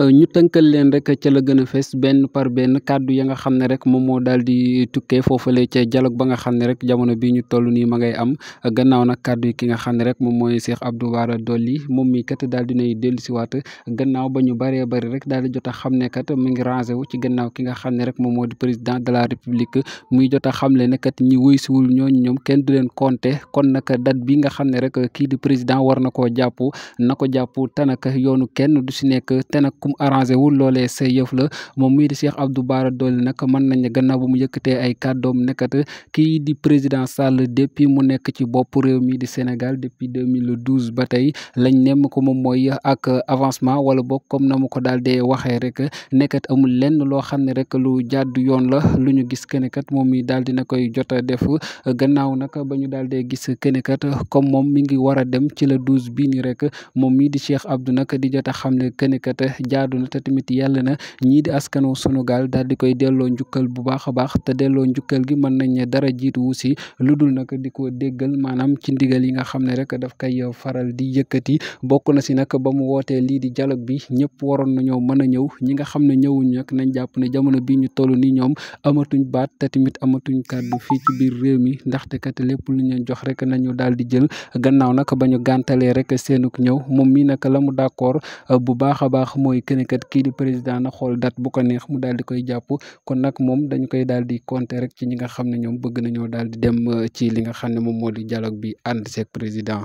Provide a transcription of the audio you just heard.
Euh, ñu tënkal leen rek ca la gën a fees benn par benn kàddu ya nga xam ne rek moom moo daal di tukkee foofale ca dialogue ba nga xam ne rek jamono bi ñu toll nii ma ngay am gannaaw na kàddu yi ki nga xam ne rek moom mooy Cheikh Abdou Bara Dolly moom mi kat daal dinay dellu siwaat gannaaw ba ñu bëree bëri rek daal di jot a xam ne kat mu ngi rangé wu ci gannaaw ki nga xam ne rek moom moo di président de la république muy jot a le ne kat ñi wuy siwul ñooñu ñoom kenn du leen compter kon nag date bi nga xam ne rek kii di président war na koo jàpp na ko jàpp te yoonu kenn du si nekk te kum arrangé wul loolee say yëf la moom mii di Cheikh Abdou Bara Dolly nag mën nañ gannaaw bu mu yëkkatee ay kàddoom nekkat kii di président Sall depuis mu nekk ci bopp réew mi di Sénégal depuis ba tey lañ nemm ko moom mooy ak avancement wala boog comme na mu ko daal dee waxee rek nekkat amul lenn loo xam ne rek lu jàddu yoon la lu ñu gis kenn kat moom mii daal na koy jot a def gannaaw nag ba ñu daal dee gis kenn kat comme moom mi ngi war a dem ci la 12 jaadu na te tamit yàlla na ñii di askanu Sénégal daal di koy delloo njukkal bu baax a baax te delloo njukkal gi mën nañ ne dara jiitu wu lu dul nag di ko déggal maanaam ci ndigal yi nga xam ne rek daf koy faral di yëkkati bokk na si nag ba mu wootee lii di dialogue bi ñëpp waroon nañoo mën a ñëw ñi nga xam ne ñëwuñu nag nañ jàpp ne jamono bi ñu toll ni ñoom amatuñ baat te tamit amatuñ kàddu fii ci biir réew mi ndaxte kat lépp lu ñu jox rek nañu daal di jël gannaaw nag ba ñu gàntalee rek ñëw moom mi nag la mu d'accord bu baax baax mooy que ne kii di président na xool date bu ko neex mu daal di koy jàpp kon nag moom dañu koy daal di compter rek ci ñi nga xam ne ñoom bëgg nañoo daal di dem eh, ci li nga xam ne moom moo di dialogue bi ànd seeg président.